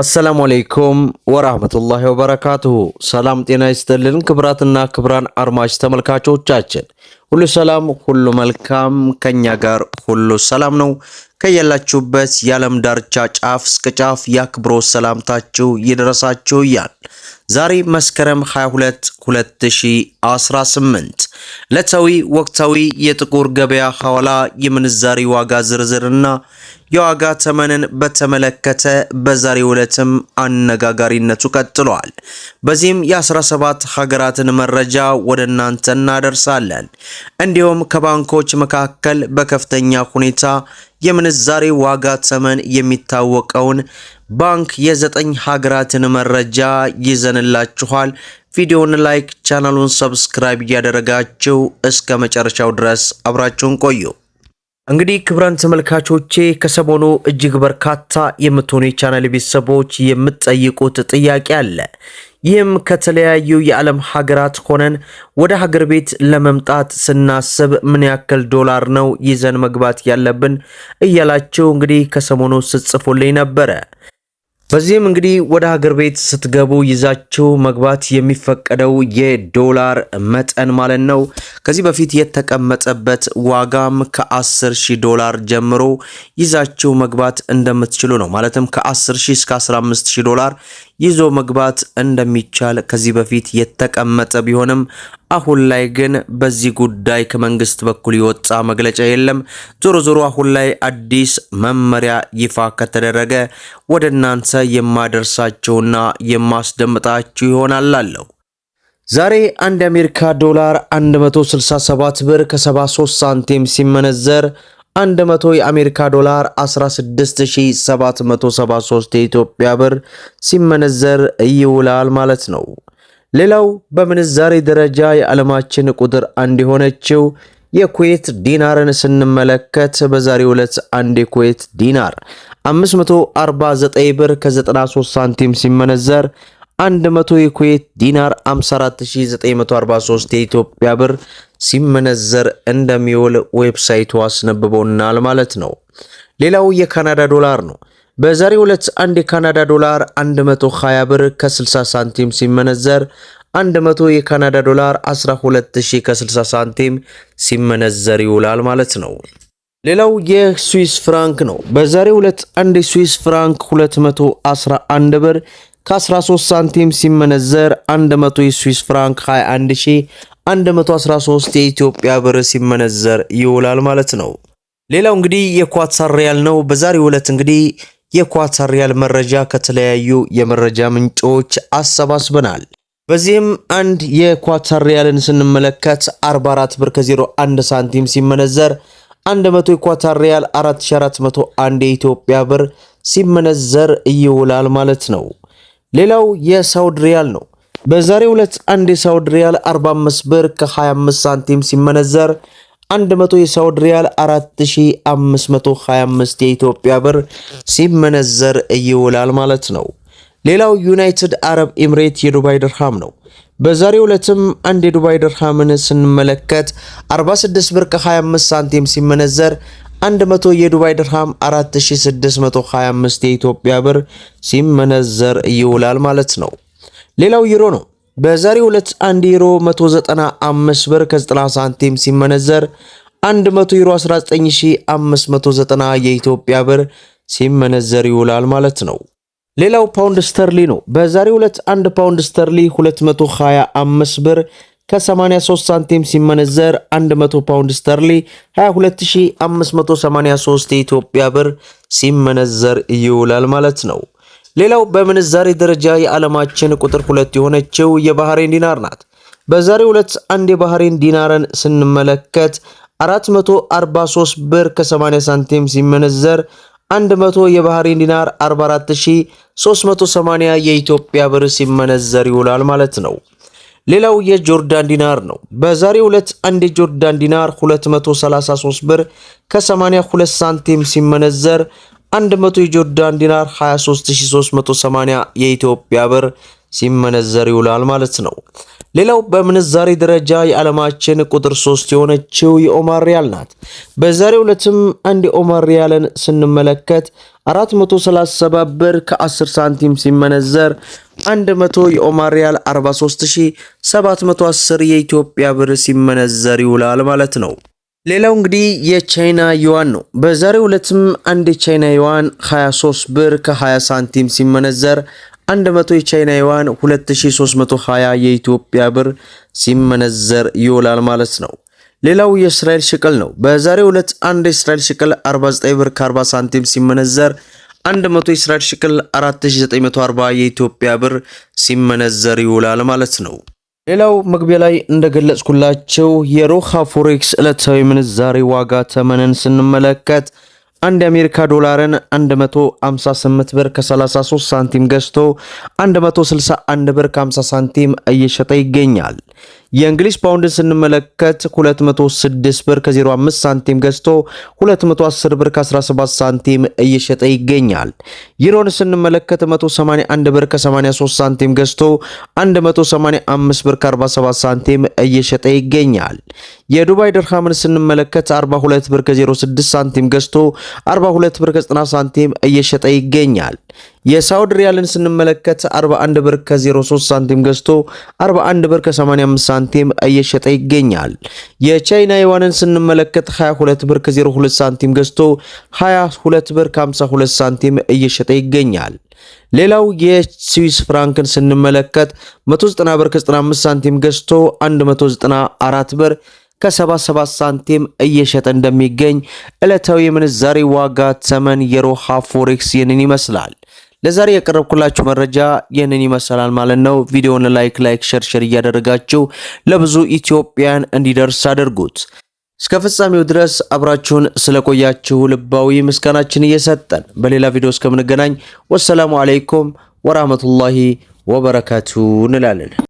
አሰላሙ አሌይኩም ወራህመቱላሂ ወበረካቱሁ። ሰላም ጤና ይስጥልን ክብራትና ክብራን አድማጭ ተመልካቾቻችን ሁሉ ሰላም፣ ሁሉ መልካም፣ ከኛ ጋር ሁሉ ሰላም ነው። ከያላችሁበት የዓለም ዳርቻ ጫፍ እስከ ጫፍ የአክብሮ ሰላምታችሁ ይደረሳችሁ እያል ዛሬ መስከረም 22 2018 ዕለታዊ ወቅታዊ የጥቁር ገበያ ሐዋላ የምንዛሪ ዋጋ ዝርዝርና የዋጋ ተመንን በተመለከተ በዛሬው ዕለትም አነጋጋሪነቱ ቀጥሏል። በዚህም የ17 ሀገራትን መረጃ ወደ እናንተ እናደርሳለን። እንዲሁም ከባንኮች መካከል በከፍተኛ ሁኔታ የምንዛሬ ዋጋ ተመን የሚታወቀውን ባንክ የዘጠኝ ሀገራትን መረጃ ይዘንላችኋል። ቪዲዮውን ላይክ፣ ቻናሉን ሰብስክራይብ እያደረጋችሁ እስከ መጨረሻው ድረስ አብራችሁን ቆዩ። እንግዲህ ክብረን ተመልካቾቼ ከሰሞኑ እጅግ በርካታ የምትሆኑ የቻናል ቤተሰቦች የምትጠይቁት ጥያቄ አለ። ይህም ከተለያዩ የዓለም ሀገራት ሆነን ወደ ሀገር ቤት ለመምጣት ስናስብ ምን ያክል ዶላር ነው ይዘን መግባት ያለብን እያላችሁ እንግዲህ ከሰሞኑ ስጽፉልኝ ነበረ። በዚህም እንግዲህ ወደ ሀገር ቤት ስትገቡ ይዛችሁ መግባት የሚፈቀደው የዶላር መጠን ማለት ነው። ከዚህ በፊት የተቀመጠበት ዋጋም ከ10 ሺህ ዶላር ጀምሮ ይዛችሁ መግባት እንደምትችሉ ነው። ማለትም ከ10 ሺህ እስከ 15 ሺህ ዶላር ይዞ መግባት እንደሚቻል ከዚህ በፊት የተቀመጠ ቢሆንም አሁን ላይ ግን በዚህ ጉዳይ ከመንግስት በኩል የወጣ መግለጫ የለም። ዞሮ ዞሮ አሁን ላይ አዲስ መመሪያ ይፋ ከተደረገ ወደ እናንተ የማደርሳቸውና የማስደምጣችሁ ይሆናል አለው። ዛሬ አንድ የአሜሪካ ዶላር 167 ብር ከ73 ሳንቲም ሲመነዘር 100 የአሜሪካ ዶላር 16773 የኢትዮጵያ ብር ሲመነዘር ይውላል ማለት ነው። ሌላው በምንዛሬ ደረጃ የዓለማችን ቁጥር አንድ የሆነችው የኩዌት ዲናርን ስንመለከት በዛሬው ዕለት አንድ የኩዌት ዲናር 549 ብር ከ93 ሳንቲም ሲመነዘር 100 የኩዌት ዲናር 54943 የኢትዮጵያ ብር ሲመነዘር እንደሚውል ዌብሳይቱ አስነብቦናል ማለት ነው። ሌላው የካናዳ ዶላር ነው። በዛሬው ዕለት አንድ የካናዳ ዶላር 120 ብር ከ60 ሳንቲም ሲመነዘር 100 የካናዳ ዶላር 12000 ከ60 ሳንቲም ሲመነዘር ይውላል ማለት ነው። ሌላው የስዊስ ፍራንክ ነው። በዛሬው ዕለት አንድ የስዊስ ፍራንክ 211 ብር ከ13 ሳንቲም ሲመነዘር 100 የስዊስ ፍራንክ 21113 የኢትዮጵያ ብር ሲመነዘር ይውላል ማለት ነው። ሌላው እንግዲህ የኳታር ሪያል ነው። በዛሬው ዕለት እንግዲህ የኳታር ሪያል መረጃ ከተለያዩ የመረጃ ምንጮች አሰባስበናል። በዚህም አንድ የኳታር ሪያልን ስንመለከት 44 ብር ከ01 ሳንቲም ሲመነዘር 100 የኳታር ሪያል 4401 የኢትዮጵያ ብር ሲመነዘር ይውላል ማለት ነው። ሌላው የሳውድ ሪያል ነው። በዛሬው ዕለት አንድ የሳውድ ሪያል 45 ብር ከ25 ሳንቲም ሲመነዘር 100 የሳውዲ ሪያል 4525 የኢትዮጵያ ብር ሲመነዘር ይውላል ማለት ነው። ሌላው ዩናይትድ አረብ ኤምሬት የዱባይ ድርሃም ነው። በዛሬው ዕለትም አንድ የዱባይ ድርሃምን ስንመለከት 46 ብር ከ25 ሳንቲም ሲመነዘር 100 የዱባይ ድርሃም 4625 የኢትዮጵያ ብር ሲመነዘር ይውላል ማለት ነው። ሌላው ዩሮ ነው። በዛሬ ሁለት አንድ ዩሮ 195 ብር ከ90 ሳንቲም ሲመነዘር 100 ዩሮ 19590 የኢትዮጵያ ብር ሲመነዘር ይውላል ማለት ነው። ሌላው ፓውንድ ስተርሊ ነው። በዛሬ ሁለት አንድ ፓውንድ ስተርሊ 225 ብር ከ83 ሳንቲም ሲመነዘር 100 ፓውንድ ስተርሊ 22583 የኢትዮጵያ ብር ሲመነዘር ይውላል ማለት ነው። ሌላው በምንዛሬ ደረጃ የዓለማችን ቁጥር ሁለት የሆነችው የባህሬን ዲናር ናት። በዛሬው ዕለት አንድ የባህሬን ዲናርን ስንመለከት 443 ብር ከ80 ሳንቲም ሲመነዘር 100 የባህሬን ዲናር 44380 የኢትዮጵያ ብር ሲመነዘር ይውላል ማለት ነው። ሌላው የጆርዳን ዲናር ነው። በዛሬው ዕለት አንድ የጆርዳን ዲናር 233 ብር ከ82 ሳንቲም ሲመነዘር 100 የጆርዳን ዲናር 23380 የኢትዮጵያ ብር ሲመነዘር ይውላል ማለት ነው። ሌላው በምንዛሬ ደረጃ የዓለማችን ቁጥር 3 የሆነችው የኦማር ሪያል ናት። በዛሬው ዕለትም አንድ የኦማር ሪያልን ስንመለከት 437 ብር ከ10 ሳንቲም ሲመነዘር 100 የኦማር ሪያል 43710 የኢትዮጵያ ብር ሲመነዘር ይውላል ማለት ነው። ሌላው እንግዲህ የቻይና ዩዋን ነው። በዛሬው ዕለትም አንድ የቻይና ዩዋን 23 ብር ከ20 ሳንቲም ሲመነዘር 100 የቻይና ዩዋን 2320 የኢትዮጵያ ብር ሲመነዘር ይውላል ማለት ነው። ሌላው የእስራኤል ሽቅል ነው። በዛሬው ዕለት አንድ የእስራኤል ሽቅል 49 ብር ከ40 ሳንቲም ሲመነዘር 100 የእስራኤል ሽቅል 4940 የኢትዮጵያ ብር ሲመነዘር ይውላል ማለት ነው። ሌላው መግቢያ ላይ እንደገለጽኩላቸው የሮሃ ፎሬክስ ዕለታዊ ምንዛሬ ዋጋ ተመንን ስንመለከት አንድ የአሜሪካ ዶላርን 158 ብር ከ33 ሳንቲም ገዝቶ 161 ብር ከ50 ሳንቲም እየሸጠ ይገኛል። የእንግሊዝ ፓውንድን ስንመለከት 206 ብር ከ05 ሳንቲም ገዝቶ 210 ብር ከ17 ሳንቲም እየሸጠ ይገኛል። ዩሮን ስንመለከት 181 ብር ከ83 ሳንቲም ገዝቶ 185 ብር ከ47 ሳንቲም እየሸጠ ይገኛል። የዱባይ ድርሃምን ስንመለከት 42 ብር ከ06 ሳንቲም ገዝቶ 42 ብር ከ90 ሳንቲም እየሸጠ ይገኛል። የሳውድ ሪያልን ስንመለከት 41 ብር ከ03 ሳንቲም ገዝቶ 41 ብር ከ85 ሳንቲም እየሸጠ ይገኛል። የቻይና ዩዋንን ስንመለከት 22 ብር ከ02 ሳንቲም ገዝቶ 22 ብር ከ52 ሳንቲም እየሸጠ ይገኛል። ሌላው የስዊስ ፍራንክን ስንመለከት 190 ብር ከ95 ሳንቲም ገዝቶ 194 ብር ከ77 ሳንቲም እየሸጠ እንደሚገኝ ዕለታዊ የምንዛሬ ዋጋ ተመን የሮሃ ፎሬክስ ይህንን ይመስላል። ለዛሬ የቀረብኩላችሁ መረጃ ይህንን ይመስላል ማለት ነው። ቪዲዮውን ላይክ ላይክ ሸር ሸር እያደረጋችሁ ለብዙ ኢትዮጵያን እንዲደርስ አድርጉት። እስከ ፍጻሜው ድረስ አብራችሁን ስለቆያችሁ ልባዊ ምስጋናችን እየሰጠን በሌላ ቪዲዮ እስከምንገናኝ ወሰላሙ አለይኩም ወራህመቱላሂ ወበረካቱ እንላለን።